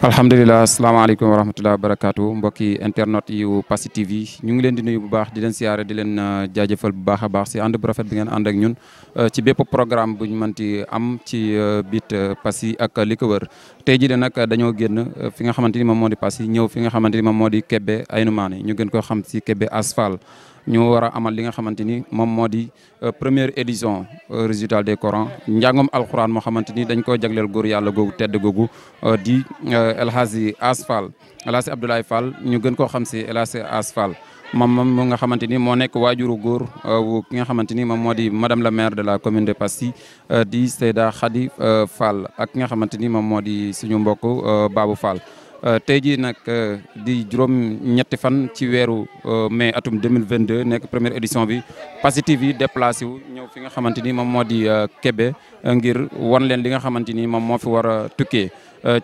alhamdulilah asalaamaaleykum wa rahmatulah barakaatu mbokki internet yu Passy TV ñu ngi leen di nuyu bu baax di leen siyaare di leen euh, jaajëfal bu baax a baax si ànd bu rafet bi ngeen ànd ak ñun euh, ci bépp programme bu ñu mënti am ci euh, biit Passy ak li ko wër tey jii de nag dañoo génn fi nga xamante ni moom moo di Passy ñëw fi nga xamante ni moom moo di Kébé Aynoumane ñu gën koo xam si Kébé Asphal. ñu war a amal li nga xamante ni moom moo di euh, première édition euh, résultat des Corans njàngum alxuraan moo xamante ni dañ koo jagleel góor yàlla googu tedd googu euh, di El Hadji As Fall El Hadji Abdoulaye ñu gën koo xam si El Hadji As Fall moom moom nga xamante ni moo nekk waajuru góor ki nga xamante ni moom moo di madame la maire de la commune de Passy di Seyda Khady Fall ak ki nga xamante ni moom moo di suñu mbokk Babou Fall. Euh, tey jii nag euh, di juróom-ñetti fan ci weeru euh, mai atum 2022 nekk première édition bi Passy TV déplacé wu ñëw fi nga xamante ni moom moo di kebe ngir wan leen li nga xamante ni moom moo fi war a tukkee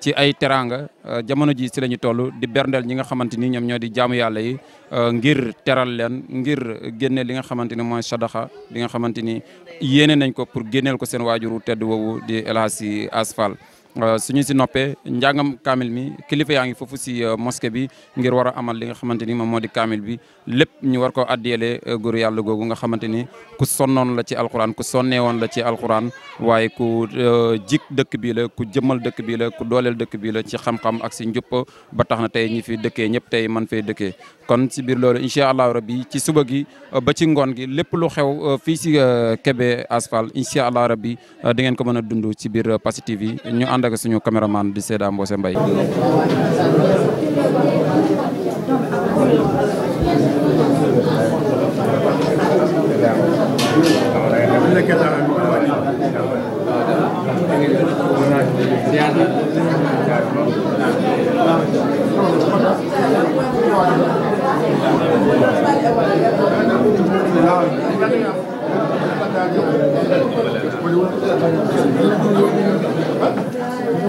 ci ay teraanga jamono ji si la ñu toll di berndeel ñi nga xamante ni ñoom ñoo di jaamu yàlla yi ngir teral leen ngir génne li nga xamante ni mooy sadaxa li nga xamante ni yéene nañ ko pour génneel ko seen waajuru tedd woowu di El Hadji Asfal Euh, ñu si noppee njàngam kaamil mi kilifa yaa ngi foofu si euh, mosquée bi ngir war a amal li nga xamante ni moom moo di kaamil bi lépp ñu war ko addiyeele euh, góor yàlla googu nga xamante ni ku sonnoon la ci alxuraan ku sonnee woon la ci alxuraan waaye ku jik dëkk bi la ku jëmmal dëkk bi la ku dooleel dëkk bii la ci xam-xam ak si njëpp ba tax na tey ñi fi dëkkee ñëpp tey man fee dëkkee kon si biir loolu incha allahu rabbi ci suba gi ba ci ngoon gi lépp lu xew fii si Kébé Asphalt incha allahu rabbi di ngeen ko mën a dund ci biir Passy ànd ak suñu cameraman di Seyda Mbose Mbaye Thank you.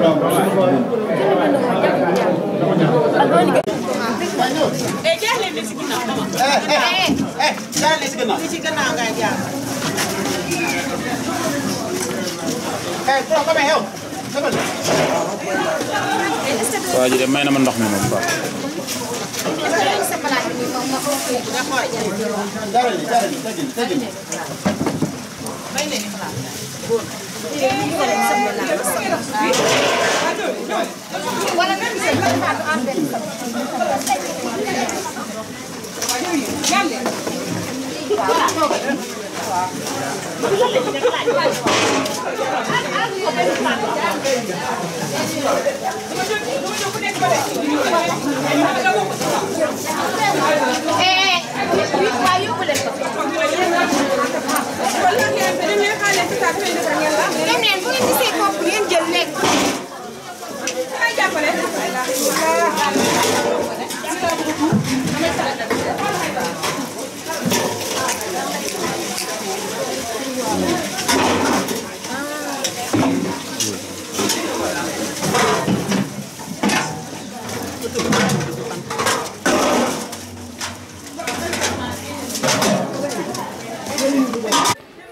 waa ji de may na ma ndox mi moom baax na. Hey, you, why you dem leen bu leen gisee bopp ngeen jël lekk. damay jàppale.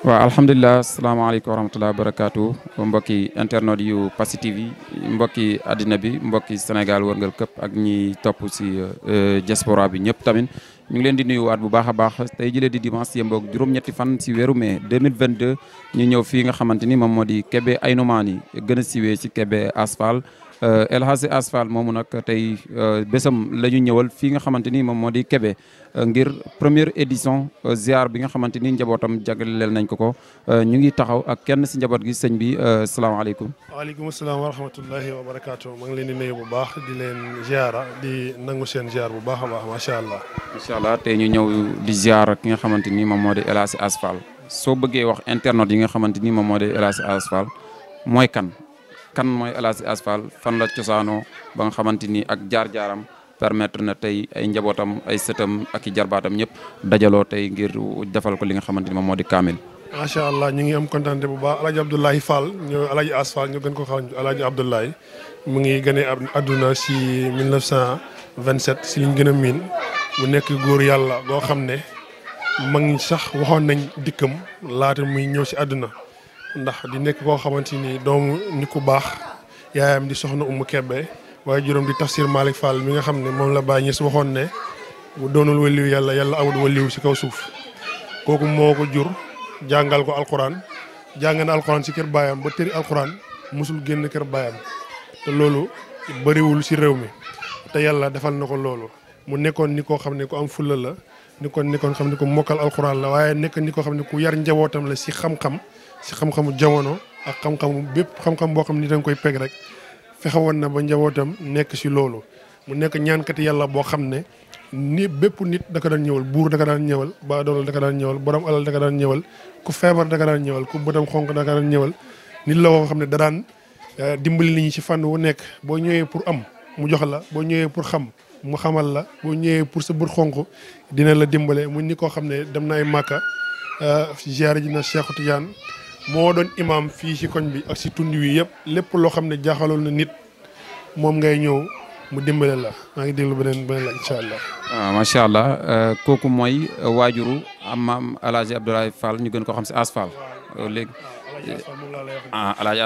waaw alhamdulilah asalaamaaleykum wa rahmatulah barakaatu mbokki internet yu Passy TV mbokki àddina bi mbokki Sénégal wërngal këpp ak ñi topp si euh, diaspora bi ñëpp tamit ñu ngi leen di nuyuwaat bu baax a baax tey jëlee di dimanche yemboog juróom-ñetti fan si weeru mai 2022 ñu ñëw fii nga xamante ni moom moo di Kébé Ainoumane gën a siwee si Kébé Asphal. Euh, El Hadji Asfal moomu nag tey euh, bésam la ñu ñëwal fii nga xamante ni moom moo di Kébé euh, ngir première édition ziar bi nga xamante ni njabootam jagleel nañ ko ko ñu ngi taxaw ak kenn si njaboot gi sëñ bi salaamaaleykum. waaleykum salaam wa rahmatullahi wa barakaatu maa ngi leen di nuyu bu baax di leen ziara di nangu seen ziar bu baax a baax macha allah. incha allah tey ñu ñëw di ziar ki nga xamante ni moom moo di El Hadji Asfal soo bëggee wax internet yi nga xamante ni moom moo di El Hadji Asfal mooy kan. kan moy alasi Hadj Asfal fan la ciosano ba nga xamanteni ak jaar-jaaram permettre na tay ay njabotam ay setam ak jarbatam ñep dajalo tay ngir defal ko li nga xamanteni ni modi kamil di allah ñu ngi am contenté bu ba El Hadj Fall ñu El Asfal ñu gën ko xam El Hadj mu ngi gëné aduna ci 1927 ci ñu gëna min mu nekk goor Yalla go xam ne mag ñi sax waxon nañ dikkam laata muy ñëw ci aduna ndax di nekk ko xamanteni doom niku bax yaayam di soxna Umu Kebbe waaye juróom di tafsir malik Fall mi nga xamne mom la bañe su waxon ne bu doonul waliw yalla yalla awul waliw si kaw suuf koku moko jur jangal ko alquran jangana alquran ci ker bayam ba teri alquran musul genn ker bayam te loolu bëriwul si réew mi te yalla defal nako lolu mu nekkon niko xamne ko am fulla la nikon nikon xamne ko mokal alquran la waye nek niko xamne ku yar njabotam la si xam-xam si xam-xamu jamono ak xam-xamu bépp xam-xam boo xam ni da koy peg rek fexe na ba njabootam nekk si loolu mu nekk ñaankati yàlla boo xam ne ni bépp nit da ko daan ñëwal buur da ko daan ñëwal ba doolal da daan ñëwal borom alal daka daan ñëwal ku feebar da daan ñëwal ku bëtam xonk da ko daan ñëwal nit la woo xam ne da eh, dimbali nit ñi si fànn wu nekk boo ñëwee pour am mu jox la boo ñëwee pour xam mu xamal la boo ñëwee pour sa bët xonk dina la dimbale mu ni koo xam ne dem na ay màkka eh, ziyaare ji na Cheikh Tidiane moo doon imaam fii ci koñ bi ak ci tund wi yëpp lépp loo xam ne jaaxaloon na nit moom ngay ñëw mu dimbale la maa ngi déglu allah. waaw ah, macha allah euh, kooku mooy euh, waajuru am maam El Hadj ñu gën ko xam ci As Fall euh, léegi. ah alaaji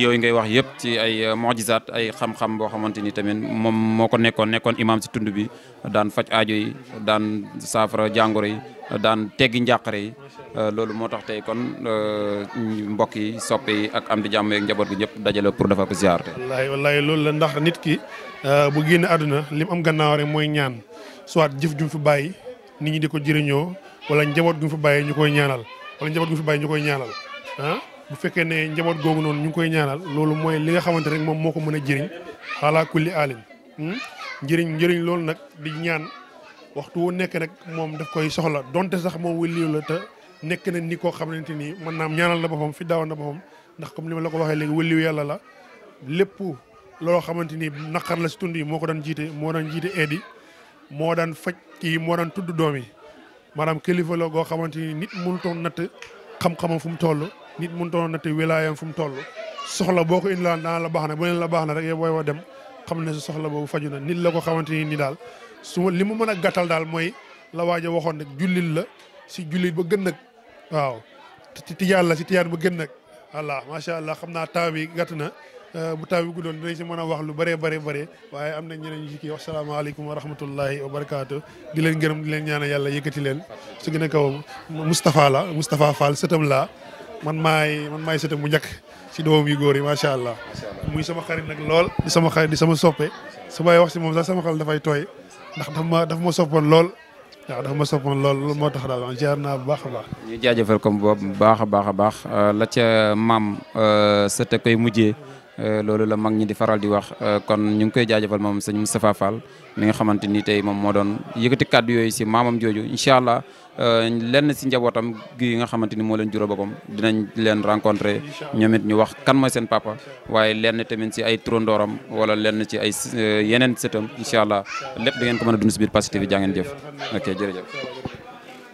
yooyu ngay wax yëpp ci ay mojisaat ay xam-xam boo xamante ni tamit moom moo ko nekkoon nekkoon imaam si tund bi daan faj aajo yi daan saafara jàngoro yi daan teggi njàqare yi euh, loolu moo tax tey kon euh, mbokk yi soppe ak am di jàmm yeeg njaboot gi ñëpp dajale pour dafa ko ziar tey. wallaahi loolu la ndax nit ki euh, bu génne àdduna li mu am gannaaw rek mooy ñaan soit jëf ju mu fi bàyyi nit ñi di ko jëriñoo wala njaboot gu mu fi bàyyi ñu koy ñaanal wala njaboot gu mu fi ñu koy ñaanal ah. bu fekkee ne njaboot googu noonu ñu ngi koy ñaanal loolu mooy li nga xamante rek moom moo ko mën a jëriñ xaalaa kulli aalin hmm? njëriñ njëriñ loolu nag di ñaan waxtu wu nekk rek moom daf koy soxla donte sax moom wëlliw la te nekk na ni koo xamante ni mën naam ñaanal na boppam fi daaw na boppam ndax comme li la ko waxee léegi wëlliw yàlla la lépp loo xamante ni naqar la si tund yi moo ko daan jiite moo daan jiite eedi moo daan faj kii moo daan tudd doom yi maanaam kilifa goo xamante ni nit mënutoon natt xam-xamam fu mu toll nit mënutoon natt wilaayam fu mu toll soxla boo ko indilaan daan la baax na bu leen la baax na rek yow booy dem xam ne sa soxla boobu faju na nit la ko xamante ni ni daal su ma li mu mën a gàttal daal mooy la waaja waxoon nag jullit la si jullit ba gën nag waaw ci tijaan la si tijaan ba gën nag voilà macha allah xam naa taw bi gàtt na euh, bu taw bi guddoon dinañ si mën a wax lu bëree bëree bëree waaye am na ñeneen ñu ci kii wax salaamaaleykum wa rahmatullahi wa barakaatu di leen gërëm di leen ñaanal yàlla yëkkati leen su gën a kaw Moustapha la Moustapha man maay man maay sëtam bu njëkk si doom yu góor yi macha allah muy sama xarit nag lool di sama xarit di sama soppe su may wax si moom sax sama xel dafay tooy ndax daf ma daf ma soppoon lool waaw dafa ma soppoon lool loolu moo tax daal man jaar naa bu baax a baax. ñu jaajëfal ko bu baax a baax a baax la ca maam euh, sa te koy mujjee. Euh, loolu la mag ñi di faral di wax euh, kon ñu ngi koy jaajëfal moom sëñ Moustapha Fall mi nga xamante ni tey moom moo doon yëkkati kàddu yooyu si maamam jooju incha allah euh, lenn si njabootam gi nga xamante ni moo leen jural boppam dinañ leen rencontré ñoom ñu wax kan mooy seen papa waaye lenn tamit si ay turandooram wala lenn ci ay yeneen sëtam incha allah lépp da ngeen ko mën a dund si biir Passy TV jaa ngeen jëf jërëjëf.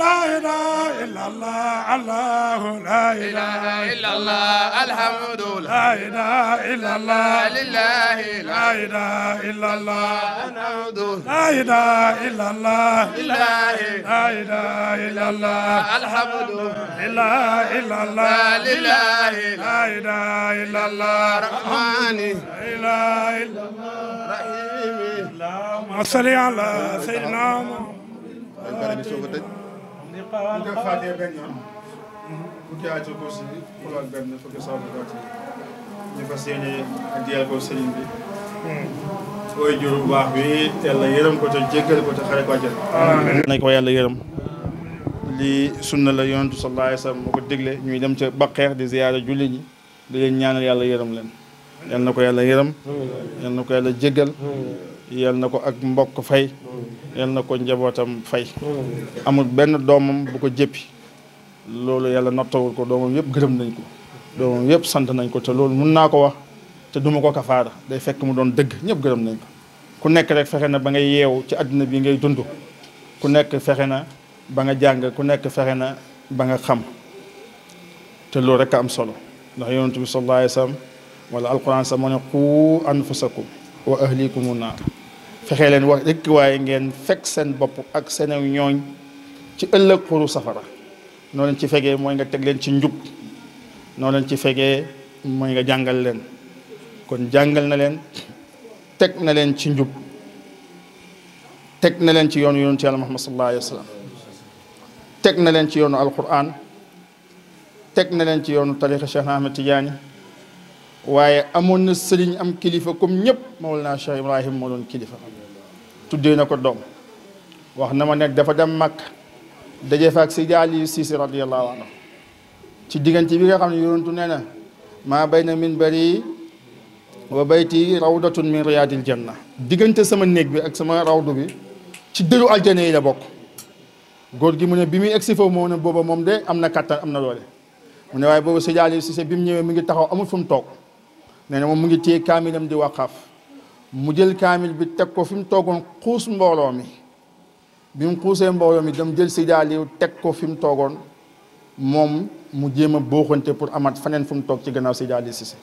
لا إله إلا الله الله لا إله إلا الله الحمد لا إله إلا الله لله لا إله إلا الله الحمد لا إله إلا الله لله لا إله إلا الله الحمد لا إله إلا الله لله لا إله إلا الله رحمن لا إله إلا الله رحيم اللهم صل على سيدنا محمد القلق والقلق وكي أتو كوسي كل البلد فكي صار yàlla yërëm ko te jéggal ko te xare ko ko yàlla yërëm lii sunna la yonentu sallallahu alayhi wasallam moo ko digle ñuy dem ca baqeex di ziyaara julli ñi ñaanal yàlla yërëm leen yal na ko yàlla yërëm hmm. yal ko yàlla jéggal hmm. yal na ko ak mbokk fay hmm. yal na ko njabootam fay amul benn doomam bu ko jéppi loolu yàlla nottawul ko doomam yëpp gërëm nañ ko doomam yëpp sant nañ ko te loolu mun naa ko wax te duma ko kafaara day fekk mu doon dëgg ñëpp gërëm nañ ko ku nekk rek fexe na ba ngay yeewu ci àdduna bi ngay dund ku nekk fexe na ba nga jàng ku nekk fexe na ba nga xam te loolu rek am solo ndax yonent bi sallallahu alayhi wa sallam wala alquran sax moo ne qu anfusakum wa ahlikum naar fexe leen wax rek waaye ngeen fekk seen bopp ak seen ñooñ ci ëllëg xuru safara noo leen ci fegee mooy nga teg leen ci njub noo leen ci fegee mooy nga jàngal leen kon jàngal na leen teg na leen ci njub teg na leen ci yoonu yonent yàlla Muhammad sallallahu alayhi wa sallam teg na leen ci yoonu alquran teg na leen ci yoonu tariqa Cheikh Ahmed Tidiane waaye amoon na sëriñ am kilifa comme ñëpp Mawlana Cheikh Ibrahim moo doon kilifa tuddee na ko doom wax na ma nekk dafa dem mag daje fa ak Seydi Ali Cissé radiyallahu anhu ci diggante bi nga xam ne yonentu nee na maa bayna minbari wa bayti rawdatun min riyadil janna diggante sama néeg bi ak sama rawdu bi ci dëru aljana yi la bokk góor gi mu ne bi muy egsi foofu moo ne booba moom de am na kàttan am na doole mu ne waaye booba Seydi Ali bi mu ñëwee mi ngi taxaw amul fu mu toog nee na moom mu ngi téye kaamilam di waqaaf mu jël kaamil bi teg ko fi mu toogoon xuus mbooloo mi bi mu xuusee mbooloo mi dam jël Seydi Aliou teg ko fi mu toogoon moom mu jéem a booxante pour amat faneen fu mu toog ci gannaaw Seydi si Cissé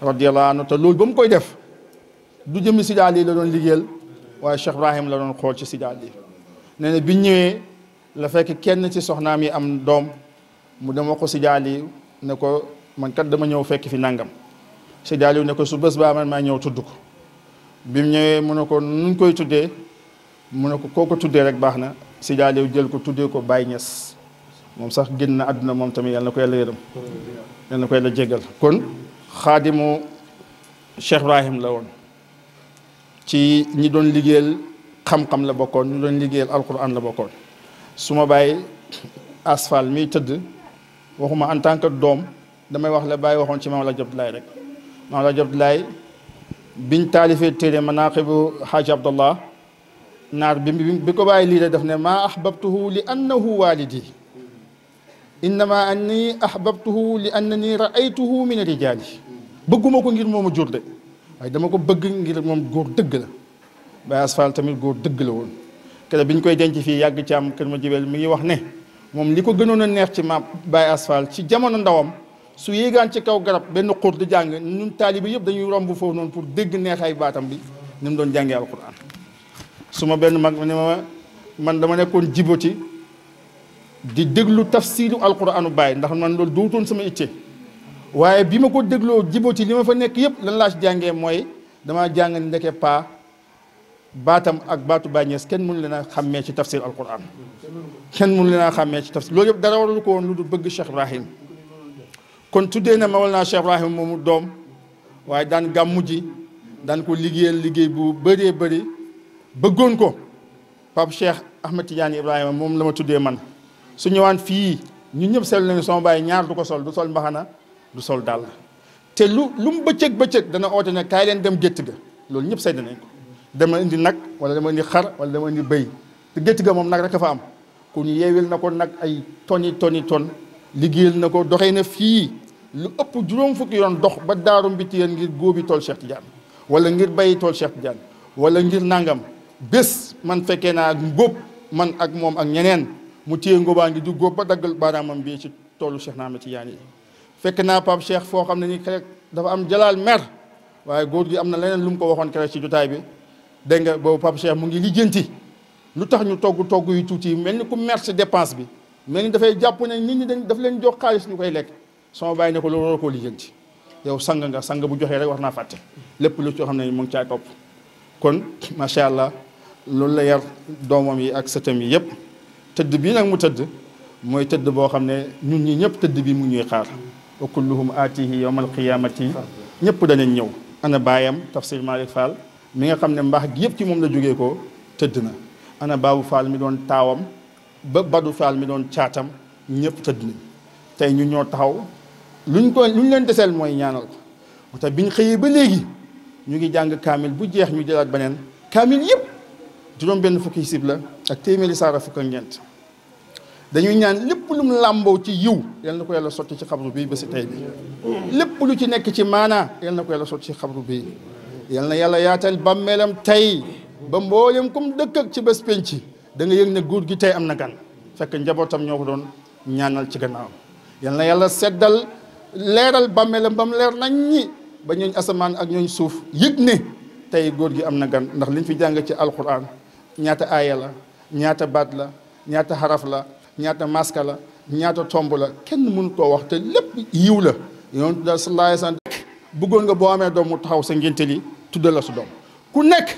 radiyallahu anhu te loolu ba mu koy def du jëmmi Seydi Aliou la doon liggéeyal waaye Cheikh Ibrahim la doon xool ci Seydi Aliou nee na bi ñëwee la fekk kenn ci soxnaam yi am doom mu dem ko Seydi Aliou ne ko man kat dama ñëw fekk fi nangam Cheikh Aliou ne ko su bés baa man maa ñëw tudd ko bi mu ñëwee mu ne ko nun koy tuddee mu ne ko koo ko tuddee rek baax na Cheikh Aliou jël ko tuddee ko Baye Niass moom sax génn na àdduna moom tamit yàlla na ko yàlla yërëm yàlla na ko yàlla jéggal kon xaadimu Cheikh Ibrahim la woon ci ñi doon liggéeyal xam-xam la bokkoon ñu doon liggéeyal alquran la bokkoon su ma bàyyi asfal mii tëdd waxuma en tant que doom damay wax la bàyyi waxoon ci ma la laay rek مولا عبدالله الله بن تالف تيري مناقب حاج عبد الله نار بيم بيم بيكو باي لي دافني ما احببته لانه والدي انما اني احببته لانني رايته من الرجال بغمكو غير مومو جور دي واي داماكو بغ غير موم غور دغ لا باي اسفال تامي غور دغ لا وون كلا بين كوي دنج في ياغ تيام كرمو جيبل ميغي واخني موم ليكو غنونو نيه تي ما باي اسفال تي جامونو ندوام su yegan ci kaw garab ben xur di jàng ñun taalibi yeb dañuy rombu fo non pour deg neexay batam bi ni doon jange alquran suma ben mag ni ma man dama nekkon Djibouti di déglu tafsir alquran bay ndax man loolu dootun sama itte waye bima ko deglo Djibouti lima fa nekk yeb lan la ci jange moy dama jàng ndeke pa batam ak batu Baay Ñas mun leena xamé ci tafsir alquran ken mun leena xamé ci tafsir loolu yëpp dara waru ko won lu beug Cheikh Ibrahim kon tuddee na Mawlana Cheikh Ibrahima moomu doom waaye daan gàmmu ji daan ko liggéeyal liggéey bu bëree bëri bëggoon ko Pape Cheikh Ahmed Tidiane Ibrahima moom la ma tuddee man su ñëwaan fii ñun ñëpp seetlu nañu sama baay ñaar du ko sol du sol mbaxana du sol dàll te lu lu mu bëccëg bëccëg dana oote ne kaay leen dem gétt ga loolu ñëpp seetlu nañ ko dama indi nag wala dama indi xar wala dama indi bëy te gétt ga moom nag rek a fa am ku ñu yeewil na ko nag ay toni liggéeyal na ko doxe na fii lu ëpp juróom fukki yoon dox ba daaru Mbitiyeen ngir góobi tool Cheikh Tidiane wala ngir bayi tool Cheikh Tidiane wala ngir nangam bés man fekkee naa ak ngóob man ak moom ak ñeneen mu téye ngóobaa ngi di góob ba daggal baaraamam bii ci toolu Cheikh Naama Tidiane yi fekk naa Pape Cheikh foo xam ne ni keroog dafa am jalaal mer waaye góor gi am na leneen lu mu ko waxoon keroog ci jotaay bi dégg nga boobu Pape Cheikh mu ngi lijjanti lu tax ñu togg togg yu tuuti yi mel ni ku mer ci bi mais ñu dafay jàpp ne nit ñi dañ daf leen jox xaalis ñu koy lekk sama bàyyi ne ko loolu war koo lijjanti yow sang nga sang bu joxee rek war naa fàtte lépp lu ci xam ne mu ngi caa topp kon macha allah loolu la yar doomam yi ak sëtam yi yëpp tëdd bii nag mu tëdd mooy tëdd boo xam ne ñun ñi ñëpp tëdd bi mu ñuy xaar wa kulluhum aatihi yawma alqiyamati ñëpp danañ ñëw ana baayam tafsir Malick Fall mi nga xam ne mbaax gi yëpp ci moom la jógee ko tëdd na ana baabu Fall mi doon taawam ba Badou Fall mi doon caatam ñëpp tëdd nañ tey ñu ñoo taxaw luñ ko luñ leen deseel mooy ñaanal ko moo tax biñ xëyee ba léegi ñu ngi jàng kaamil bu jeex ñu jëlaat beneen kaamil yëpp juróom benn fukki sibla la ak téeméeri saara fukk ak ñeent dañuy ñaan lépp lu mu làmboo ci yiw yal na ko yàlla sotti ci xabru bii ba si tey bi lépp lu ci nekk ci maanaa yal na ko yàlla sotti ci xabru bi yal na yàlla yaatal bàmmeelam tey ba mboolem comme dëkk ak ci bés penc da nga yëg ne góor gi tey am na gan fekk njabootam ñoo ko doon ñaanal ci gannaawam yal na yàlla seddal leeral bàmmeelam ba mu leer nañ ñi ba ñooñ asamaan ak ñooñ suuf yëg ne tey góor gi am na gan ndax liñ fi jàng ci alquran ñaata aya la ñaata baat la ñaata xaraf la ñaata maska la ñaata tomb la kenn mënu koo wax te lépp yiw la yonent daal sallallahu alayhi wasallam bëggoon nga boo amee doom taxaw sa ngénte li tudda la su doom ku nekk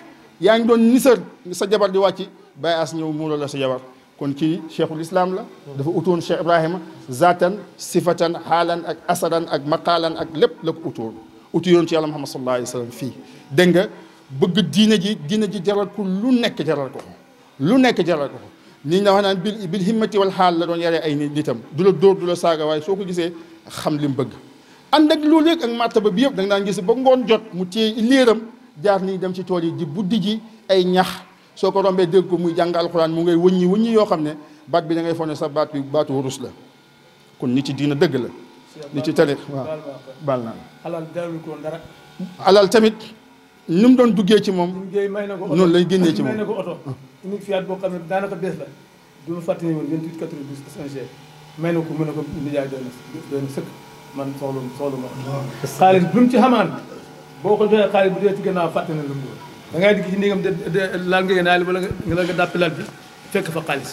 yaa ngi doon nisar sa jabar di wàcc باي اس نيو مولا لا سيابار كون كي شيخ الاسلام لا دا اوتون شيخ ابراهيم ذاتا صفه حالا اك اسدا اك مقالا اك لب لك اوتون اوتي يونتي الله محمد صلى الله عليه وسلم في دنگا بغ دينا جي دينا جي جارال كو لو نيك جارال كو لو نيك جارال كو ني نيو نان بيل بيل هيمتي والحال لا دون ياري اي نيتام دولا دور دولا ساغا واي سوكو غيسه خام لي مبغ اندك لوليك اك مرتبه بييب دا نان غيسه بغ جوت مو تي ليرام جار ني دم سي تولي دي بودي جي اي نياخ soo ko rombee dégg ko muy jàng alxuraan mu ngay wëññi wëññi yoo xam ne baat bi da ngay foog ne sa baat bi baatu wurus la kon nit ci diina dëgg la. nit ci tariix waaw baal naa alal dalul ko dara. alal tamit ni mu doon duggee ci moom. noonu lay génnee ci moom may na ko oto. une Fiat xam ne daanaka bees la. du ma fàttali woon 28 92 may na ko mën na ko nijaay doy na sëkk man soxla soxla ma xaalis bu ci xamaan boo ko joxee xaalis bu dee ci gannaaw fàtte na doon da ngay dikk ci néegam de laal ngeen naali wala nga nga laal bi fekk fa xaalis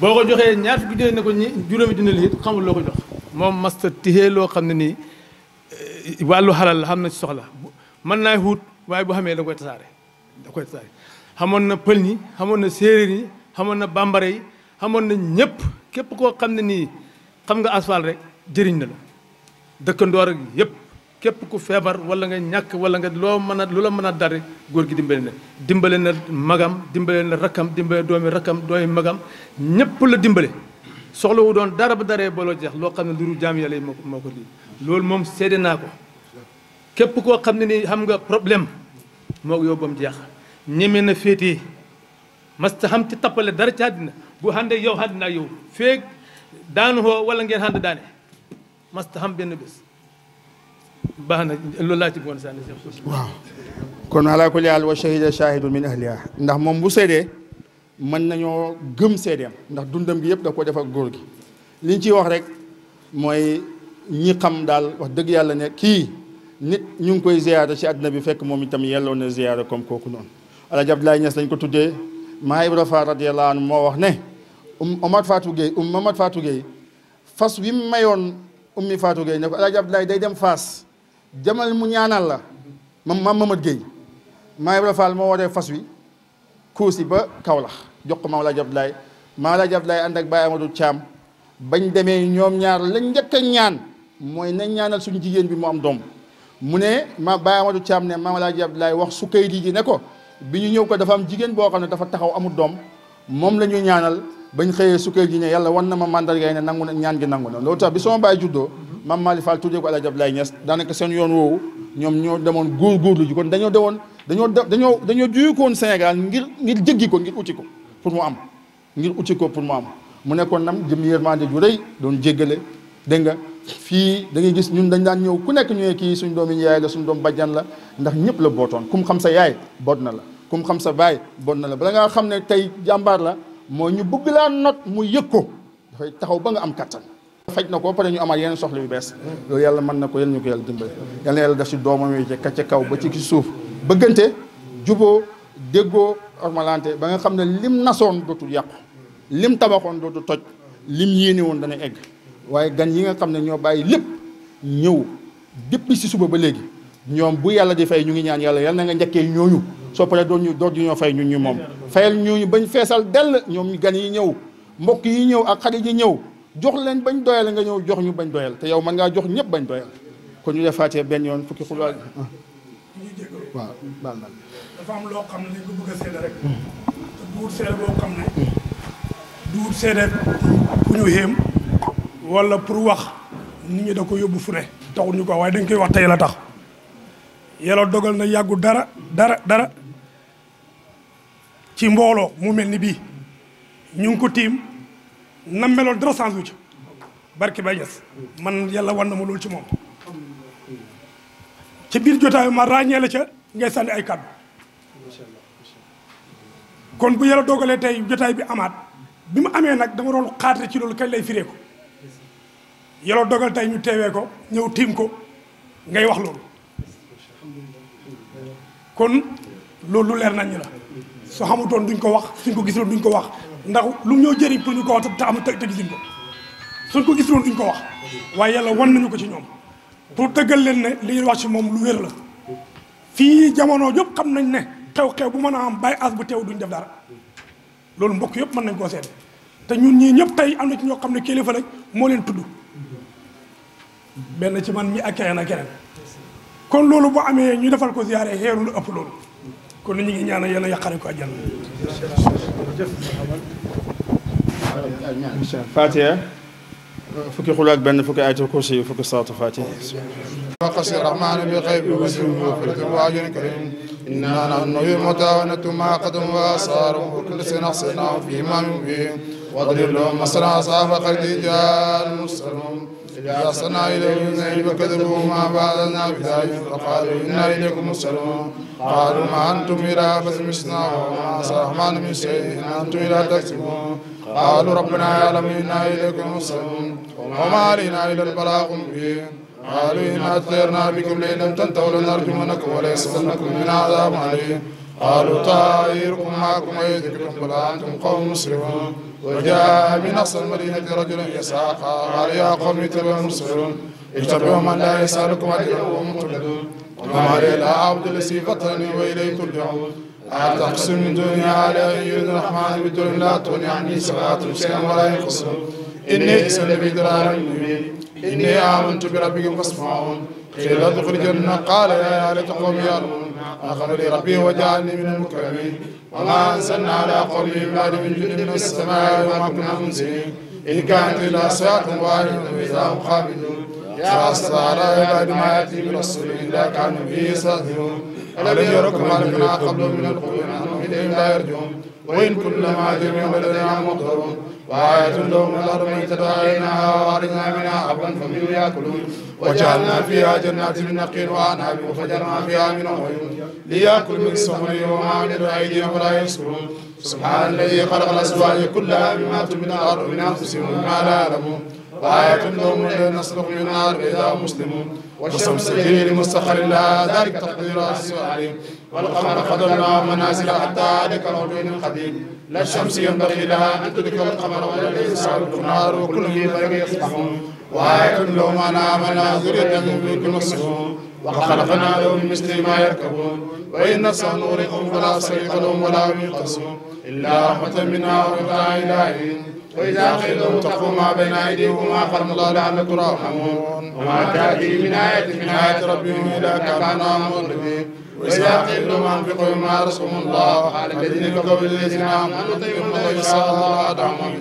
boo ko joxee ñaat fukki junni ne ko ñi juróomi junni la it xamul loo ko jox moom masta tixee loo xam ne nii eh, wàllu xalal la xam na ci soxla mën naa xuut waaye bu xamee da koy tasaare da koy tasaare xamoon na pël ñi xamoon na séeréer yi xamoon na bambara yi xamoon na ñëpp képp koo xam ne nii xam nga asfaal rek jëriñ na la dëkkandoor ak yëpp képp ku feebar wala nga ñàkk wala nga loo mën a lu la mën a dare góor gi dimbale na dimbale na magam dimbale na rakkam dimbale doomi rakkam doomi magam ñëpp la dimbale soxla wu doon dara ba daree baloo jeex loo xam ne lu dul jaam yàlla moo ko moo loolu moom seede naa ko képp koo xam ne nii xam nga problème moo yow yóbbam jeex ñeme na féetee mas ta xam ci tappale dara ci àddina bu xande yow àddina yow feeg daanu hoo wala ngeen xand daane mas ta xam benn bés baax na loolu laa ci bëggoon sànni waaw kon ala kulli haal wa shahida shahidun min ahliha ndax moom bu seedee man nañoo gëm seedeem ndax dundam gi yëpp da ko def góor gi liñ ciy wax rek mooy ñi xam daal wax dëgg yàlla ne kii nit ñu ngi koy ziyaara ci àddina bi fekk moom itam yelloo na ziyaara comme kooku noonu Alaaji Abdoulaye Niass lañ ko tuddee maa Ibra Faal radiyallahu anhu moo wax ne um Omar Fatou Gueye um Mamad Fatou Gueye fas wi mu mayoon ummi Fatou Gueye ne ko Alaaji Abdoulaye day dem Faas jamal mu ñaanal la ma ma Mamad Gueye maa Ibra Fall moo waree fas wi kuusi ba kawlax jox ko Mawlaaj Abdoulaye Mawlaaj Abdoulaye ànd ak Baye Amadou Thiam bañ demee ñoom ñaar lañ njëkk a ñaan mooy nañ ñaanal suñu jigéen bi mu am doom mu ne ma Baye Amadou Thiam ne laa Abdoulaye wax su kayit yi ne ko bi ñu ñëw ko dafa am jigéen boo xam ne dafa taxaw amul doom moom la ñu ñaanal bañ xëyee sukkay ji ne yàlla wan na ma mandarga ne nangu na ñaan gi nangu na loolu tax bi sama maam Malick Fall tuddee ko El Hadj Abdoulaye Niass daanaka seen yoon woowu ñoom ñoo demoon góorgóorlu ji kon dañoo demoon dañoo dañoo dañoo juyu ko woon Sénégal ngir ngir jëggi ko ngir uti ko pour mu am ngir uti ko pour mu am mu nekkoon nam jëm yërmande ju rëy doon jéggale dégg nga fii da ngay gis ñun dañ daan ñëw ku nekk ñëwee kii suñ doomi yaay la suñ doom bajjan la ndax ñëpp la bootoon kum xam sa yaay boot na la kum xam sa baay boot na la bala ngaa xam ne tey jàmbaar la mooy ñu bëgg laa not mu yëg ko dafay taxaw ba nga am kattan faj na ko pare ñu amaat yenn soxla yu bees loolu yàlla mën na ko yéen ñu ko yàlla dimbale yal na yàlla def si doomam yi ca ca kaw ba ci suuf bëggante juboo déggoo ormalante ba nga xam ne lim nasoon dootul yàqu lim tabaxoon dootul toj lim yéene woon dana egg waaye gan yi nga xam ne ñoo bàyyi lépp ñëw depuis si suba ba léegi ñoom bu yàlla di fey ñu ngi ñaan yàlla yal na nga njëkkee ñooñu soo paree doon ñu doot ñoo fay ñu ñu moom fayal ñooñu bañ feesal dell ñoom gan yi ñëw mbokk yi ñëw ak xarit ñëw jox leen bañ doyal nga ñëw jox ñu bañ doyal te yow man ngaa jox ñëpp bañ doyal kon ñu defaatee benn yoon fukki xul waaw waaw loo xam ne dañ ko bëgg ñu xéem wala pour wax nit ñi da ko yóbbu fu ne taxul ñu ko waaye dañ koy wax te yàlla tax yàlla dogal na yàggu dara dara dara ci mbooloo mu mel ni bii ñu ngi ko tiim nam meloon dara changé wu ci barki Baye Niass man yàlla wan na ma loolu ci moom ci biir jotaay ma ràññee la ca ngay sànni ay kàddu kon bu yàlla dogalee tey jotaay bi amaat bi mu amee nag dama doon xaatale ci loolu kañ lay firee ko yàlla dogal tey ñu teewee ko ñëw tiim ko ngay wax loolu kon loolu leer nañ ñu la soo xamutoon duñ ko wax suñ ko gisoon duñ ko wax ndax lu ñëw jëriñ pour ñu ko wax te am te gisuñ ko suñ ko gisuloon duñ ko wax waaye yàlla wan nañu ko ci ñoom pour dëggal leen ne li ñuy wax ci moom lu wér la fii jamono yëpp xam nañ ne xew-xew bu mën a am bay as bu teew duñ def dara loolu mbokk yëpp mën nañ koo seet te ñun ñii ñëpp tey am na ci ñoo xam ne kilifa lañ moo leen tudd benn ci man mi ak keneen ak keneen kon loolu boo amee ñu defal ko ziyaare xeeru lu ëpp loolu kon ñu ngi ñaanal yàlla yàqare ko àjjana فاتية fukki xul ak benn fukki ayatul kursi yu fukki salaatu fatiha وقص الرحمن بغيب وجه وفرد وعين كريم إنا نحن المتى ونتما قدم وآثار وكل سنة أحصيناهم في مبين واضرب لهم مصر أصحاب خديجة المرسلون إذا صنع إليهم زين فكذبوهما فأخذنا بذلك فقالوا إنا إليكم مرسلون قالوا ما أنتم إلى فسمسنا وما عسى الرحمن من شيء إن أنتم إلى تكسبون قالوا ربنا يعلم إنا إليكم مرسلون وما علينا إلى البلاغ المبين قالوا إنا أطيرنا بكم لئن لم تنتهوا لنرجمنكم وليصبنكم من عذاب عليم قالوا طائركم معكم أيديكم بل أنتم قوم مسرفون وجاء من أقصى المدينة رجل يسعى قال يا قوم اتبعوا المرسلون اتبعوا من لا يسألكم عليه وهم مقلدون وما علي العبد الذي فطرني وإليه ترجعون أتقسم من دنيا على أن الرحمن بالدنيا لا تغني عني سبعات شيئا ولا ينقصون إني أسأل بإدرار المؤمنين إني آمنت بربكم فاسمعون قيل ادخل الجنة قال يا ليت قومي يرمون أخذ لي ربي وجعلني من المكرمين وما أنزلنا على قلبه بعد من جند من السماء وما كنا منزلين إن كانت إلا صيحة واحدة وإذا هم خامدون فأصل على عباد ما يأتي من رسول إلا كانوا به يستهزئون ألم يركم من قبل من القرون أنهم إليهم لا يرجون وإن ما جميع لدينا مقدرون وآية لهم الأرض ميتة وأرثناها منها حبا فمنه يأكلون وجعلنا فيها جنات من نقير وأعناب وفجرنا فيها من عيون ليأكل من ثمره وما عملوا أيديهم ولا يشكرون سبحان الذي خلق الأزواج كلها مما تنبت الأرض من أنفسهم وما لا يعلمون وآية لهم الذين نصرف من النار إذا مسلمون والشمس تجري لمستقر لها ذلك تقدير العزيز العليم والقمر قدرناه منازل حتى ذلك العلوم القديم لا الشمس ينبغي لها أن تدرك القمر ولا الإنسان النار وكل في غيره يصبحون وآية لهم أنعمنا ذرية من كل مسلم وخلقنا لهم مثل ما يركبون وإن نصح نورهم فلا صريخ لهم ولا هم ينقصون إلا رحمة منا ورضا إلهين وإذا قيل لهم ما بين أيديهم وما خلف الله لعلكم ترحمون وما تأتي من آية من آيات ربهم إلا كان عنها ويعطيب لهم أنفقوا مما رزقهم الله على الذين كفروا بالذين آمنوا نطيب الله إن الله أدعمهم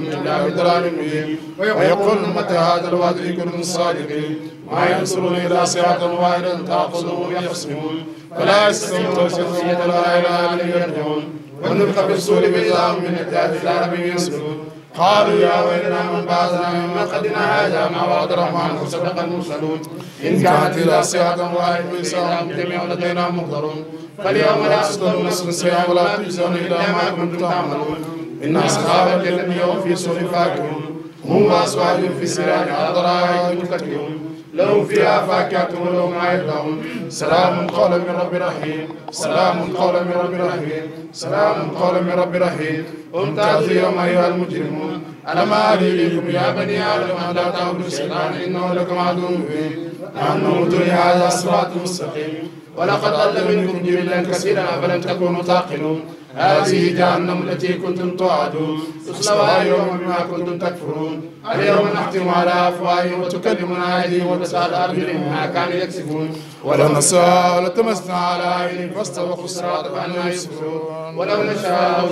من الله الضلال المبين ويقول متى هذا الوعد إن كنتم صادقين ما ينصرون إلا صراطا واحدا تأخذهم ويخصمون فلا يستمعون توسعهم ولا إلى أن يرجعون ونلقى بالسور بإذا من الى العربي يسجدون قالوا يا ويلنا من بعثنا من مقدنا هذا ما وعد الرحمن وصدق المرسلون إن كانت إلا صيحة واحد من سواهم جميع لدينا مقدرون فاليوم لا تصدر نصر صيام ولا تجزون إلا ما كنتم تعملون إن أصحاب الجنة يوم في سوء فاكهون هم وأزواجهم في سرير على ضرائب متكئون لهم فيها فاكهة ولهم عين لهم سلام قولا من رب رحيم سلام قولا من رب رحيم سلام قولا من رب رحيم امتازوا يوم أيها المجرمون ألم اريدكم يا بني آدم أن لا تعبدوا الشيطان إنه لكم عدو مبين نحن نهدي على صراط مستقيم ولقد ضل منكم جبلا كثيرا أفلم تكونوا تعقلون هذه جهنم التي كنتم توعدون تصلوها يوم بما كنتم تكفرون اليوم نختم على افواههم وتكلمنا ايديهم وتسال ارجلهم ما كانوا يكسبون ولو نشاء لتمسنا على عينهم فاستبقوا الصراط فانا يسكرون ولو نشاء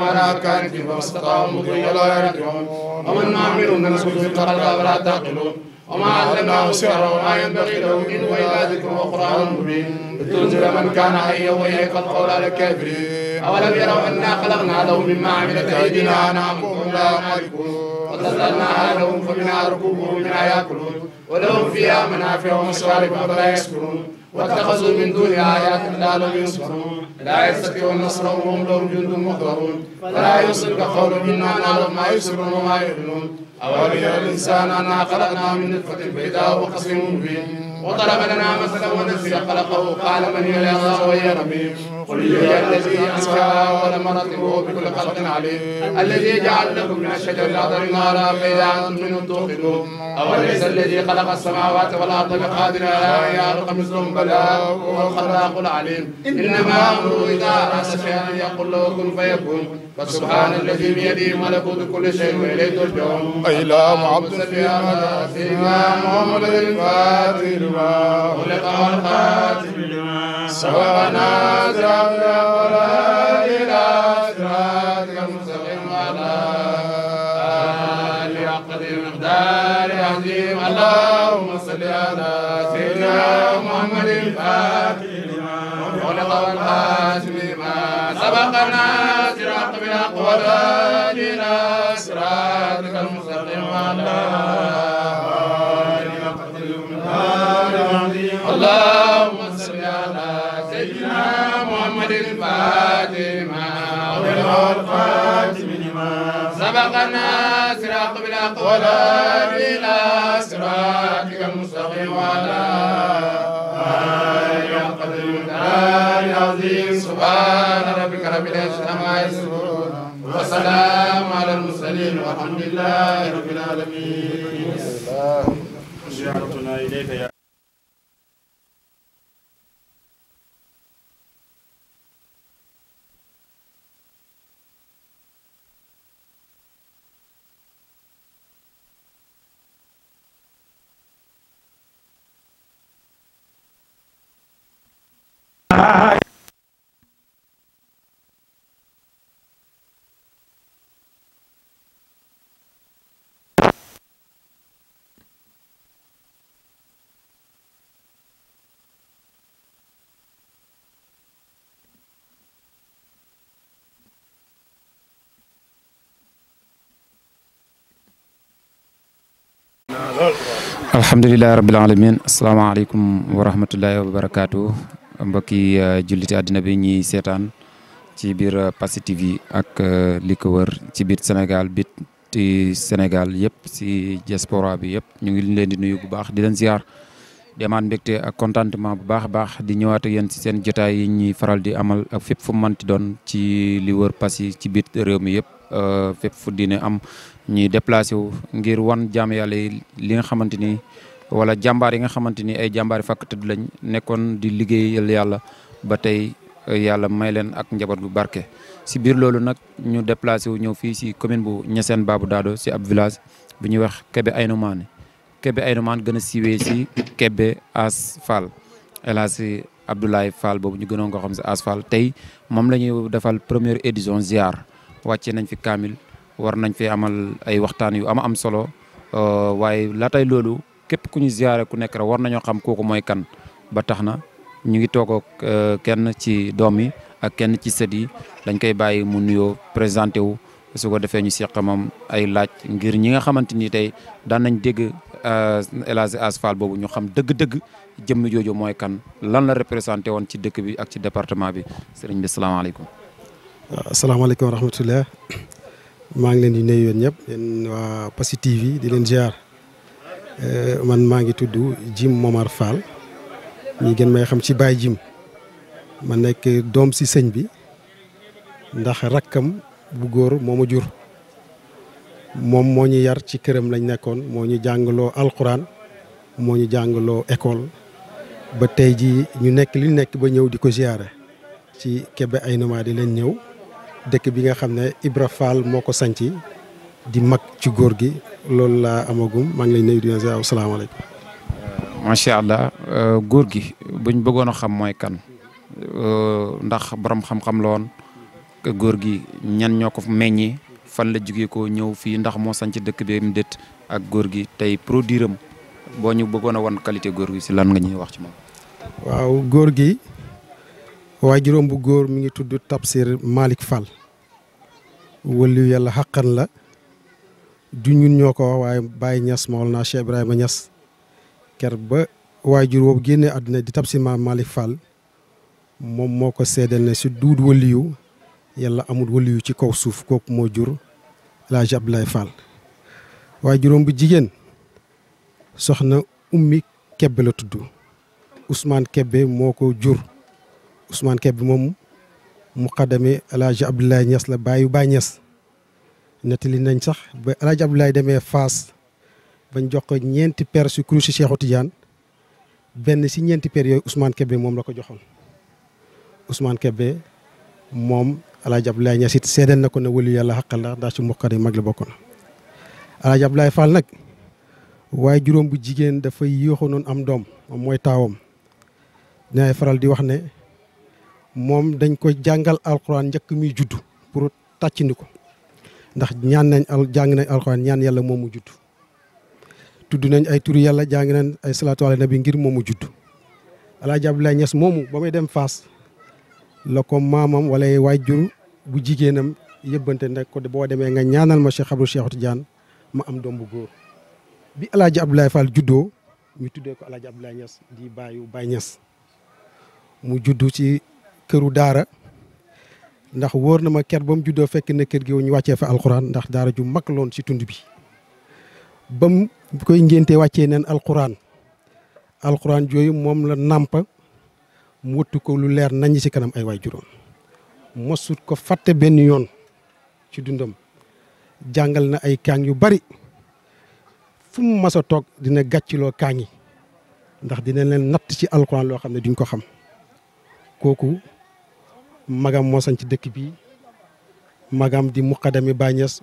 ما لا كان فما استطاعوا مضي ولا يرجعون ومن نعمل نسكت في القرار ولا تعقلون وما علمناه سحرا وما ينبغي له ان الا ذكر وقران مبين لتنزل من كان حيا ويهيق القول على الكافرين أولم يروا أنا خلقنا لهم مما عملت أيدينا أنعامهم لا مالكون وظللناها لهم فمنها ركوبهم ومنها يأكلون ولهم فيها منافع ومشارب أفلا يشكرون واتخذوا من دونها آيات لا لم ينصرون لا يستطيعون نصرهم وهم لهم جند محضرون فلا يصلك قولهم إنا نعلم ما يسرون وما يعلنون أولم يرى الإنسان أنا خلقنا من نطفة فإذا هو خصيم مبين وضرب لنا مثلا ونسي خلقه قال من هي العصا وهي رميم قل هي الذي امسكها اول مره بكل خلق عليم الذي جعل لكم من الشجر الاخضر نارا فاذا انتم منه توقدون اوليس الذي خلق السماوات والارض بقادر على ان يخلق مثلهم بلى هو الخلاق العليم انما امره اذا اراد شيئا يقول له كن فيكون فسبحان الذي بيده ملكوت كل شيء واليه ترجعون اله عبد سبحان سيدنا محمد الفاتح ما خلق الخاتم لما سوى نازع ولا الى صراطك المستقيم على ال قدير مقدار عظيم اللهم صل على سيدنا محمد الفاتح لما خلق الخاتم لما سبقنا وهدنا صراطك المستقيم وعلى اللهم صل على سيدنا محمد الفاتمة والخاتم لما سبقنا صراط بالأقوال إلى صراطك المستقيم وعلى آله وقدر العظيم سبحان ربك رب العزة والسلام على المرسلين والحمد لله رب العالمين زيارتنا إليك يا alhamdulillah rabbil alamin asalaamaaleykum wa rahmatullahi wa barakaatu mbokki eh, julliti adina bi ñi sétane ci bir eh, TV ak eh, liko wër ci bir Sénégal bit ci Sénégal yépp si diaspora bi yépp ñu ngi leen di nuyu bu baax di leen ziar di amaat ak contentement bu baax baax di ñëwaat ak yeen si seen jotaay yi ñi faral di amal ak fep fu mën ti doon ci li wër Passy ci bit réew mi yépp Euh, fep fu dine am ñi déplacé wu ngir wan jamm yalla li nga xamanteni wala jambar yi nga xamanteni ay jambar fak tud lañ nekkon di yalla yalla ba tay euh, yalla may leen ak njaboot bu barké si biir lolu nak ñu déplacé wu ñew fi ci commune bu ñessène babu Dado si ab village bu ñu wax Kébé Aynoumane Kébé kebe gën a siiwee si Kébé asfal, Fall El Abdoulaye Fall bobu ñu gënoon ko xam ci asfal tay mom première édition ziar. wàccee nañ fi kaamil war nañ fi amal ay waxtaan yu ama am solo euh, waaye laatay loolu képp ku ñu ziyaare ku nekk rek war nañoo xam kooku mooy kan ba tax na ñu ngi toog ak euh, kenn ci doom yi ak kenn ci sët dañ koy bàyyi mu nuyoo présenté wu su ko defee ñu seq moom ay laaj ngir ñi nga xamante ni tey daan nañ dégg euh, El Hadji Ass boobu ñu xam dëgg-dëgg jëmm jooju mooy kan lan la représenté woon ci dëkk bi ak ci département bi sëriñ bi salaamaaleykum asalaamaaleykum wa rahmatullah maa ngi leen di nuyu yéen ñëpp waa Passy TV di leen ziar eh, man maa ngi tudd Jim Momar Fall ñi gën may xam ci Baye Jim ma nekk doom ci sëñ bi ndax rakkam bu góor moo ma jur moom moo ñu yar ci këram lañ nekkoon moo ñu jàngaloo alxuraan moo ñu jàngaloo école ba tey ji ñu nekk li nekk ba ñëw di ko ziare ci Kébé ay nomades di leen ñëw dëkk bi nga ne Ibra Fall moko ko di mag ci góor gi loolu laa amagum maa ngi lay nuyu di leen ziar asalaamaaleykum. Euh, macha allah euh, góor gi buñ bëggoon xam kan euh, ndax borom xam-xam la woon góor gi ñan ñoo ko meññi fan la jugee ko ñëw fi ndax moo sanc dëkk bi mu dét ak góor gi tey produit am boo ñu wan qualité góor gi lan nga ñuy wax ci moom. waaw waajuram bu góor mi ngi tudd Tafsir Malick Fall wëllu yàlla xaqan la du ñun ñoo ko wax waaye Baye Niass Mawlana Cheikh Ibrahima Niass ker ba waajur woowu génne àdduna di Tafsir Malick Fall moom moo ko seedeel ne si duud wëlliyu yàlla amul wëlliyu ci kaw suuf kooku moo jur El Hadj Abdoulaye Fall waajuram bu jigéen soxna ummi kebbe la tudd usmaan Kebbe moo ko jur Ousmane Kebe moom muqaddami El Hadj Abdoulaye Niass la baayu Baay Niass nettali nañ sax ba demee Faas bañ jox ko ñeenti per si kursi Cheikhou benn si ñeenti per yooyu Ousmane moom la ko joxoon. Ousmane Kebe moom El Hadj Abdoulaye Niass it seedeel yàlla xaqal la ndax mag la bokkoon El Hadj nag waaye juróom bu jigéen dafay yéexoonoon am doom moom mooy taawam. dinaay faral di wax ne. mom dañ ko jangal alquran njëkk mi judd pour tàccindi ndax ñaan nañ al jang nañ alquran ñaan yalla momu judd tuddu nañ ay turu yalla jang nañ ay salatu ala nabi ngir momu judd ala Abdoulaye Niass moomu ba muy dem fas lako mamam maamam wala waajur bu jigéenam yebante ne ko bo demee nga ñaanal ma Cheikh Abdou Cheikh Tidiane ma am dombu bu bi Alaaji abdoulay Fall juddo ñu tuddé ko Alaaji abdoulay Niass di bayu bay Niass mu juddu ci këru daara ndax wóor na ma ker ba mu juddoo fekk na kër gi ñu wàccee fa alxuraan ndax daara ju mag loon ci tund bi ba mu koy ngénte wàccee neen alxuraan alxuraan jooyu moom la nàmpa mu wëttu ko lu leer nañ ci kanam ay waay juróom mosut ko fàtte benn yoon ci dundam jàngal na ay kaang yu bari fu mu mas a toog dina gàcciloo kaang ndax dina leen natt ci alxuraan loo xam ne duñ ko xam kooku magam moo sañ ci dëkk bi magam di muqadami Bañes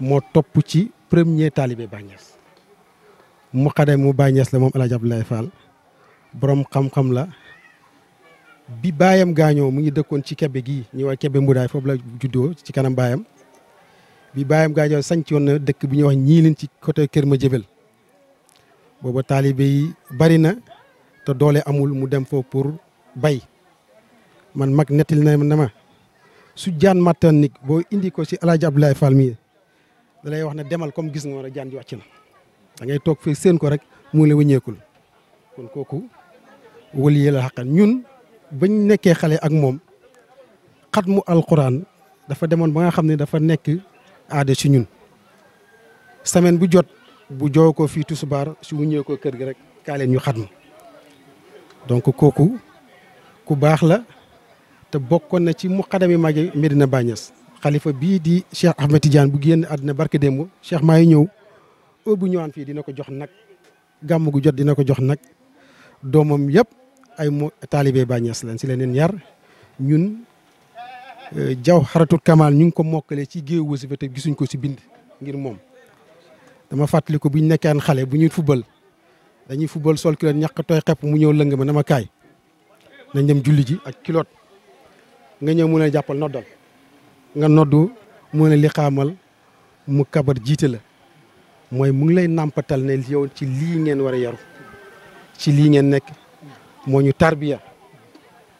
moo topp ci premier taalibe Bañes muqadami Bañes la moom El Hadj Abdoulaye boroom borom xam-xam la bi baayam gaañoo mu ngi dëkkoon ci kebe gii ñu wax kebe mbudaay foofu la juddoo ci kanam baayam bi baayam gaañoo sañc yoon na dëkk bi ñuy wax ñiilin ci côté Kër ma jëbel booba taalibe yi bari na te doole amul mu dem foofu pour bay man mag nettali na ne ma su jaan mattan nit boo indi ko si El Hadj Abdoulaye Fall mii dalay wax ne demal comme gis nga war a jaan ji wàcc na da ngay toog fii séen ko rek mu la wëññeekul kon kooku wëli la xaqan ñun bañ nekkee xale ak moom xat mu alxuraan dafa demoon ba nga xam ne dafa nekk aada si ñun semaine bu jot bu joo ko fii tusubaar su wuññee ko kër gi rek kaa leen ñu xat mu donc kooku ku baax la te bokkoon na ci muqadami magi Medina Baye Niass xalifa bii di Cheikh Ahmed Tidiane bu génn àddina barke démb Cheikh maa ngi ñëw heure ñëwaan fii dina ko jox nag gàmm jot dina ko jox nag doomam yëpp ay mu taalibe Baye Niass lañ si leneen yar ñun euh, Jawharatul Kamal ñu ngi ko mokkale ci géew wasifa te gisuñ ko ci bind ngir moom dama fàttali ko bu ñu nekkaan xale bu ñu fubal dañuy fubal sol kilote ñàkk tooy xepp mu ñëw lëng ma dama kaay nañ dem julli ji ak kilote nga ñëw mu ne jàppal noddal nga noddu mu ne li xaamal mu kabar jiite la mooy mu ngi lay nàmpatal ne yow ci lii ngeen war a yaru ci lii ngeen nekk moo ñu tarbiya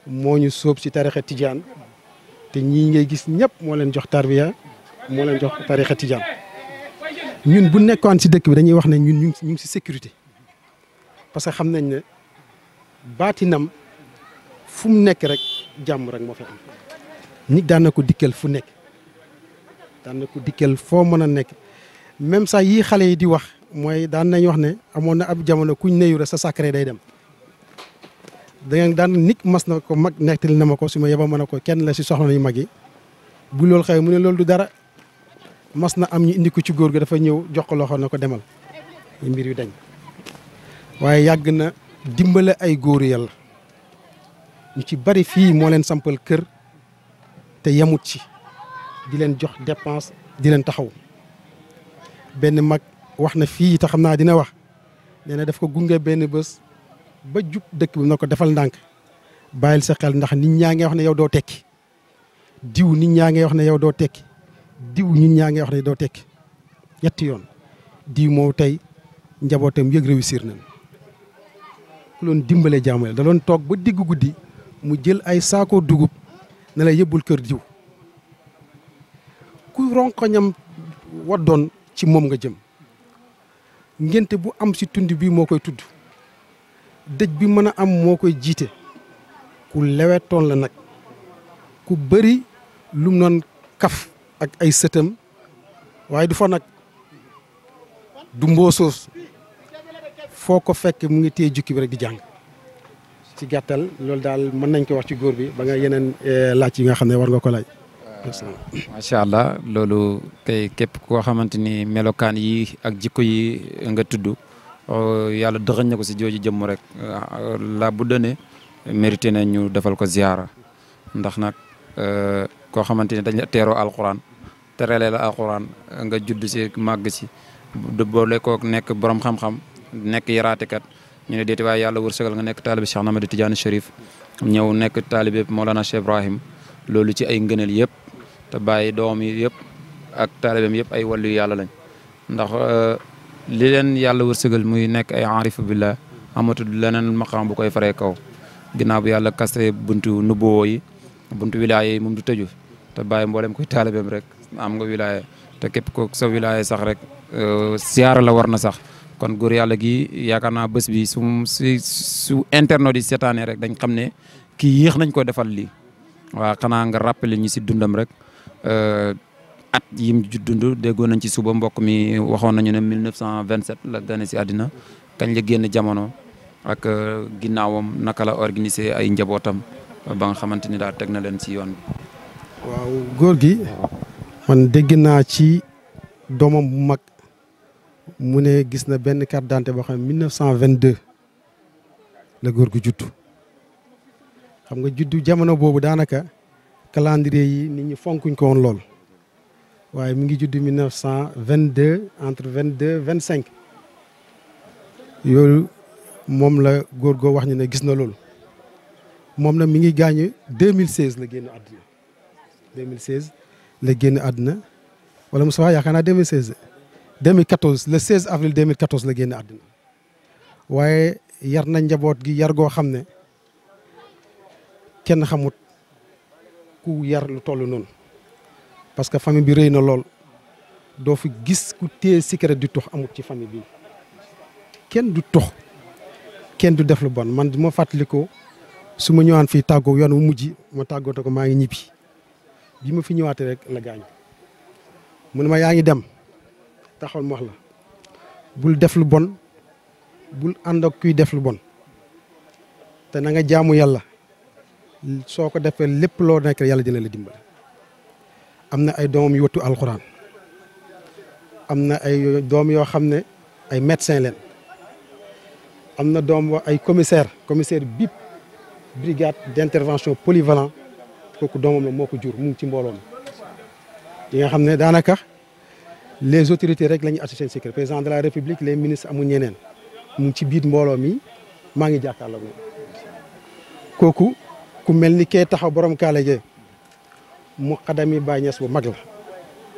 moo ñu soob ci tarixa tijaan te ñii ngay gis ñëpp moo leen jox tarbiya moo leen jox tarixa tijaan ñun bu nekkoon ci dëkk bi dañuy wax ne ñun ñu ngi ci sécurité parce que xam nañ ne baatinam fu mu nekk rek jàmm rek moo fi am nit daan na ko dikkal fu nekk daan na ko dikkal foo mën a nekk même sax yii xale yi di wax mooy daan nañ wax ne amoon na ab jamono kuñ neyu rek sa sacré day dem dangeen daan nit mas na ko mag nettali na ma ko su ma ne ko kenn la si soxla yu mag yi bu loolu xëy mu ne loolu du dara mas na am ñu indi ko ci góor gi dafa ñëw jox ko loxo na ko demal mbir yu dañ waaye yàgg na dimbale ay góor yalla ñu ci bari fii moo leen sampal kër te yemut ci di leen jox dépense di leen taxaw benn mag wax na fii te xam naa dina wax nee na daf ko gunge benn bés ba jub dëkk bi na ko defal ndànk bàyyil sa xel ndax nit ñaa ngi wax ne yow doo tekki diw nit ñaa ngi wax ne yow doo tekki diw nit ñaa ngi wax ne doo tekki ñetti yoon diw moo tey njabootam yëg réussir nañ ku loon dimbale jaamu la da doon toog ba diggu guddi mu jël ay saako dugub ne la yëbbul kër jiw ku ronkoñam waddoon ci moom nga jëm ngénte bu am ci tund bii moo koy tudd dëj bi mën a am moo koy jiite ku lewetoon la nag ku bëri lum noon kaf ak ay sëtam waaye du fa nag du mboosoos foo ko fekk mu ngi téye jukki bi rek di jàng ci gattal lol dal mën nañ ko wax ci goor bi ba nga yenen eh, lacc yi nga xamne war nga ko laaj. sha euh, allah lolou kay kep ko xamanteni melokan yi ak jikko yi nga tuddu euh, yalla dëxëñ na ci joji jëm rek euh, la bu done mérité na ñu defal ko ziyaara ndax nak ko xamanteni dañ la téro alquran la alquran nga judd ko nek borom xam-xam yaraté kat ñu ne déeti waaye yàlla wërsëgal nga nekk taalibe Cheikh Ahmad Tidiane Chérif ñëw nekk taalibe Mawlana Cheikh Ibrahim loolu ci ay ngëneel yëpp te bàyyi doom yi yëpp ak taalibeem yëpp ay wàllu yàlla lañ ndax euh, li leen yàlla wërsëgal muy nekk ay aarifu billah amatul leneen maqaam bu koy faree kaw ginnaaw bu yàlla kaste buntu nubboo yi buntu wilaya yi moom du tëju te bàyyi mboolem koy taalibeem rek am nga wilaya te képp ko sa wilaya sax rek siyaara euh, la war na sax kon góor yalla gi yakarna naa bi su su internet di seetaanee rek dañ xamné ne yex nañ ko defal li wa xana nga rappelé ñi ci dundam rek euh, at yim ju dundu déggoo nañ ci suba mbokk mi waxon nañu né 1927 la gane si adina, kañ la génn jamono ak euh, ginnawam naka la organiser ay njabotam ba nga xamanteni da tek na len ci yoon waaw gi man dégg na ci domam bu mag. mu ne gis na benn carte d'identité boo xam ne 1922 la góor gu juddu xam nga juddu jamono boobu daanaka calendrier yi nit ñi fonkuñ ko woon lool waaye mu ngi juddu 1922 entre 22 25 yooyu moom la góor goo wax ñu ne gis na loolu moom na mi ngi gaañu 2016 la génn àdduna 2016 la génn àdduna wala Moussa yaakaar naa 2016. 2014 le 16 avril 2014 la génn àddina waaye yar na njaboot gi yar goo xam ne kenn xamut ku yar lu toll noonu parce que famille bi rëy na lool doo fi gis ku téye cigarette di tux amut ci famille bi kenn du tux kenn du def lu bon man ma fàttalikoo su ma ñëwaan fii tàggoo yoon wu mujj ma tàggatoo ko maa ngi ñibbi bi ma fi ñëwaatee rek la gaañu mu ne ma yaa ngi dem. taxawal mu wax la bul def lu bon bul ànd ak kuy def lu bon te na nga jaamu yàlla soko defé lépp lo nek yàlla dina la dimbal amna ay dom yu wattu alquran amna ay dom yo xamne ay médecin len amna dom wa ay commissaire commissaire bip brigade d'intervention polyvalent koku domam la moko jur mu ngi ci mbolom yi nga xamne danaka les autorités rek lañu ñu associé si président de la république les ministres amul ñeneen mu ci biir mbooloo mi maa ngi jàkkaarloog moom. kooku ku mel ni kee taxaw borom kaala ge mu xadami Baay Ñas bu mag la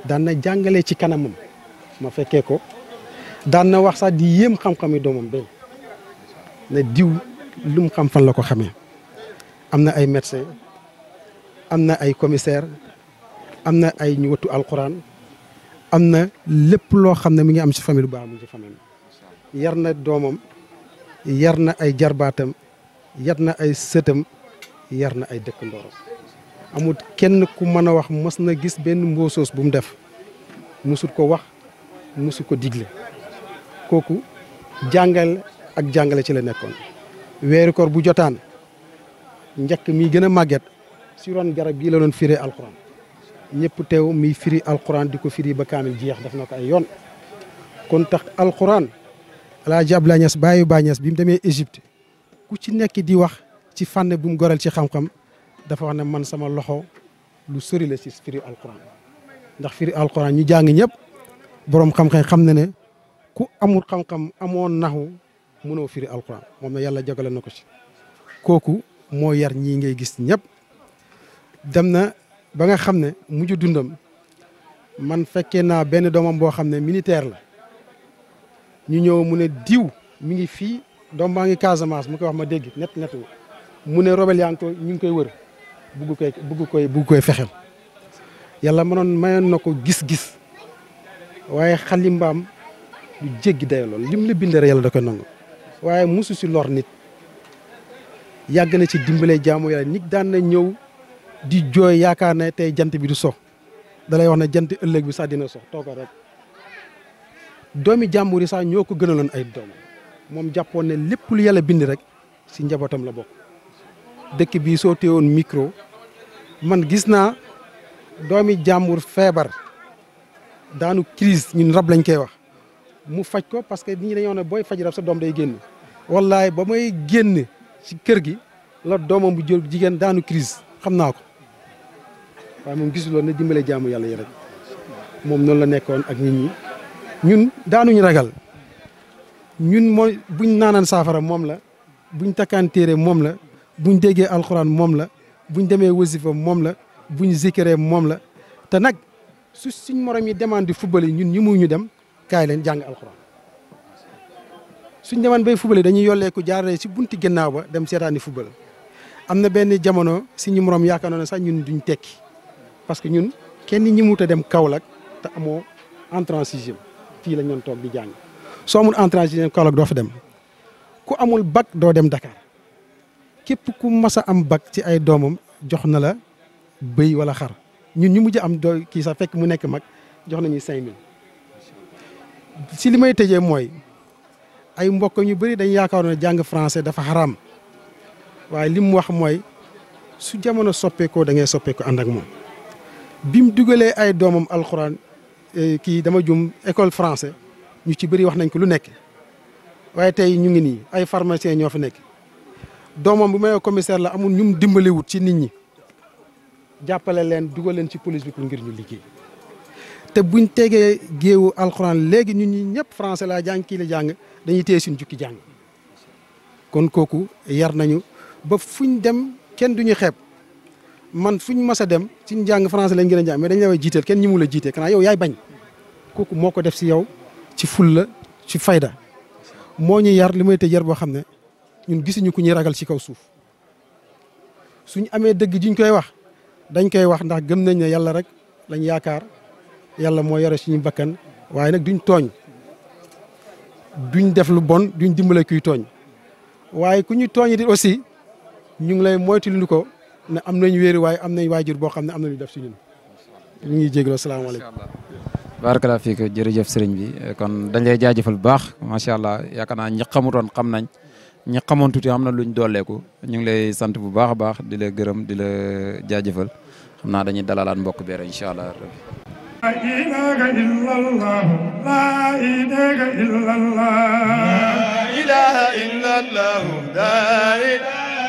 daan na jàngale ci kanamam ma fekkee ko daan na wax sax di yéem xam-xam yi doomam benn ne diw lum mu xam fan la ko xamee am na ay médecin am na ay commissaire am na ay ñu wattu alquran. am na lépp loo xam ne mi ngi am si famille bu baax mu ngi ci famille yar na doomam yar na ay jarbaatam yar na ay sëtam yar na ay dëkk ndooram amul kenn ku mën a wax mës na gis benn mboosoos bu mu def mësul ko wax mësu ko digle kooku jàngal ak jàngale ci la nekkoon weeru koor bu jotaan njëkk mi gën a màgget si ron garab gii la doon fiire alxuraan ñepp tew mi firi alquran di firi ba kamil jeex daf nako ay yoon kon tax alquran ala jabla Niass bayu bañas bimu bi Égypte ku ci nekk di wax ci fanne bu mu goral ci xam-xam dafa wax ne man sama loxo lu sori la ci firi alquran ndax firi alquran ñu jang ñëpp borom xam-xam xam na ne ku amul xam-xam amon Nahu mëno firi alquran mom na yàlla jagale na ci koku mo yar ñi ngay gis ñëpp ba nga xam ne mujj dundam man fekkee naa benn doomam boo xam ne militaire la ñu ñëw mu ne diw mu ngi fii doom baa ngi Casamance mu koy wax ma dégg net net mu ne robel yaa ngi koy ñu ngi koy wër bugg koy bugg koy bugg koy fexel yàlla mënoon mayoon na ko gis-gis waaye xalimbaam lu jéggi day lool lim la bindee yàlla da koy nangu waaye musu si lor nit yàgg na ci dimbale jaamu yàlla nit daan na ñëw di joy yaakaar ne tay jant bi du so dalay wax ne jant ëllëg bi sa dina so toogal rek domi jamburi sa ñoko ñoo ko ay dom mom jappone ne lépp lu yalla bind rek ci njabotam la bok dekk bi so teewoon micro man gis naa doomi jàmbur feebar daanu crise ñun rab lañ koy wax mu faj ko parce que ñi boy rab sa dom day genn wallahi ba may kër gi la domam bu jigen crise xamna ko waaye moom gisuloon ne dimbale jaamu yàlla yi rek moom noonu la nekkoon ak nit ñi ñun daanuñu ragal ñun mooy buñ naanaan saafara moom la buñ takkaan téere moom la buñ déggee alxuraan moom la buñ demee wasifa moom la buñ zikiree moom la te nag su suñ morom yi demande di football yi ñun ñu mu ñu dem kaay leen jàng alxuraan suñ demaan bay football dañuy yolleeku jaarale si bunti gannaaw ba dem seetaani football am na benn jamono suñu morom yaakaar naa sax ñun duñ tekki. parce que ñun kenn ñimuta dem kaolak ta amo entrée en sixième fii la ñoon toog di jang so amul en sixième fa dem ku amul bac do dem Dakar kep ku massa am bac ci ay domam jox na la beuy wala xar ñun ñu mujj am do ki sa fekk mu nekk mak jox nañu 5000 mille si li may tëjee ay mbokk ñu bari dañ yaakaar na jang français dafa haram waye lim wax moy su jamono da ngay ak bi mu dugalee ay doomam alxuraan eh, kii dama jum école français ñu ci bëri wax nañ ko lu nekk waaye tey ñu ngi nii ay pharmaciens ñoo fi nekk doomam bu may commissaire la amul mu dimbaliwut ci nit ñi jàppale leen dugal leen ci police bi pour ngir ñu liggéey te buñ tegee géewu alxuraan léegi ñu ñi ñëpp français laa jàng kii la jàng dañuy téye suñ jukki jàng kon kooku yar nañu ba fuñ dem kenn duñu xeeb man fu ñu mës a dem ci njàng français lañ gën a jàng mais dañ la jiiteel kenn ñi mu la jiitee kanaa yow yaay bañ kooku moo ko def si yow ci fulla ci fayda moo ñu yar li may tëj yar boo xam ne ñun gisuñu ku ñuy ragal ci kaw suuf suñu amee dëgg jiñ koy wax dañ koy wax ndax gëm nañ ne yàlla rek lañ yaakaar yàlla moo yore suñu bakkan waaye nag duñ tooñ duñ def lu bon duñ dimbale kuy tooñ waaye ku ñu tooñ di aussi ñu ngi lay moytu lu ko ne am nañ waaye am nañ waajur boo xam ne am na lu def si ñun ñu ngi jégalu la barakalaa fiik jërëjëf sëriñ bi kon dañ lay jaajëfal bu baax macha allah yaakaar naa ñi xamutoon xam nañ ñi xamoon tuuti xam na luñ dolleeku ñu ngi lay sant bu baax a baax di la gërëm di la jaajëfal xam naa dañuy dalalaat mbokk beere incha allah. laa ilaaha illallah laa ilaaha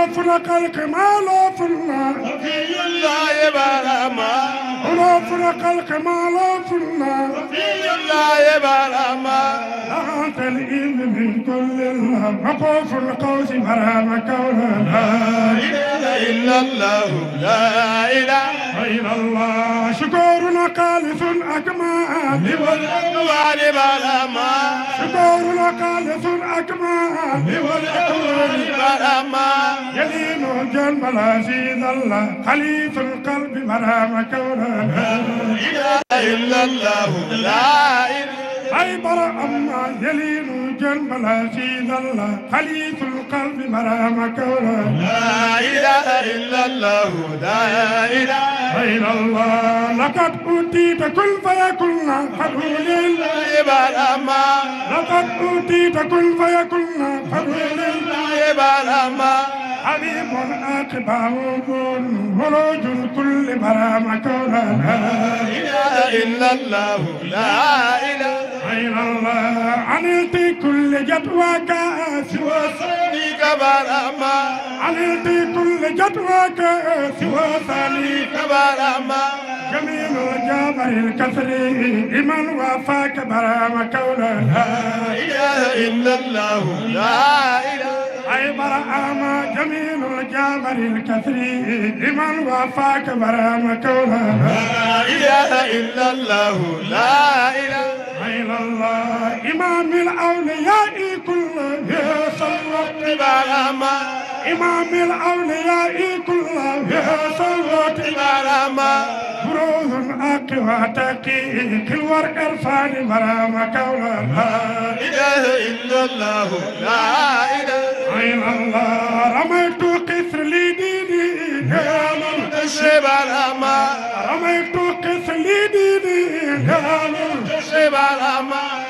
ونوفرك الكمال في الله وفي الله بلما ونوفرك الكمال في الله وفي الله بلما أنت الإذ من كل الله مقوف القوس مرام كون لا إله إلا الله لا إله إلا الله شكورنا قالف أكمال والأقوال بلما شكورنا قالف أكمال والأقوال بلما يلين جنب العزيز الله خليف القلب مرام كونا لا إله إلا الله لا إله أي برا أما يلين جنب العزيز الله خليف القلب مرام كونا لا إله إلا الله لا إله غير الله لقد أوتيت كل فيكن فقول العباد أما لقد أوتيت كل فيكن فقول العباد أما حبيب أتباعه ولوج كل برامة لا إله إلا الله لا إله غير الله علمت كل جدواك سوى صليك برامة علمت كل جدواك سوى صليك برامة جميل جابر الكسري لمن وافاك برام لا اله الا الله لا اله عبر أعمى جميل الجابر الكثري لمن وفاك برام كونه لا إله إلا الله لا إله إلا الله إمام الأولياء كله صلى الله عليه وسلم إمام الأولياء كلها صوت مرامة بروز أقوى تقيك الورق عرفان مرامة قولا لا إله إلا الله لا إله عين الله رميت قصر لديني يا منتشب الأمان رميت قصر لديني يا منتشب الأمان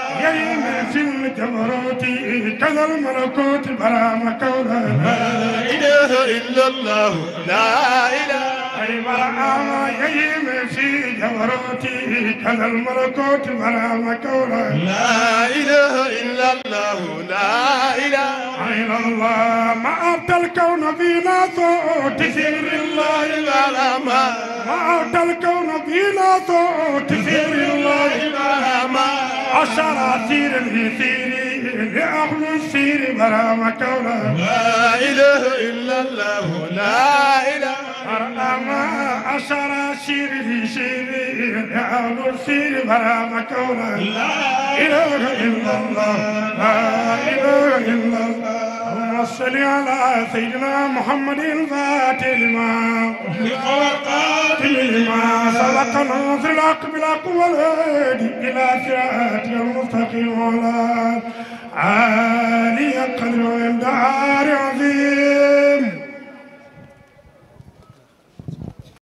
يلم في الجبروت كذا الملكوت برام كولا لا إله إلا الله لا إله برام يلم في جبروت الملكوت برام كولا لا إله إلا الله لا إله إلا الله ما أبدى الكون فينا صوت سير الله الغرام ما أبدى الكون فينا صوت سير الله الغرام الشراثير الهثيري لأهل السير برام كولا لا إله إلا الله لا إله أما الشراثير الهثيري لأهل السير برام كولا لا إله إلا الله لا إله إلا الله اللهم صل على سيدنا محمد الفاتح لما قاتل لما سبق الناصر الحق بالحق والهادي الى صراطك المستقيم وعلى آله قدر عند عار عظيم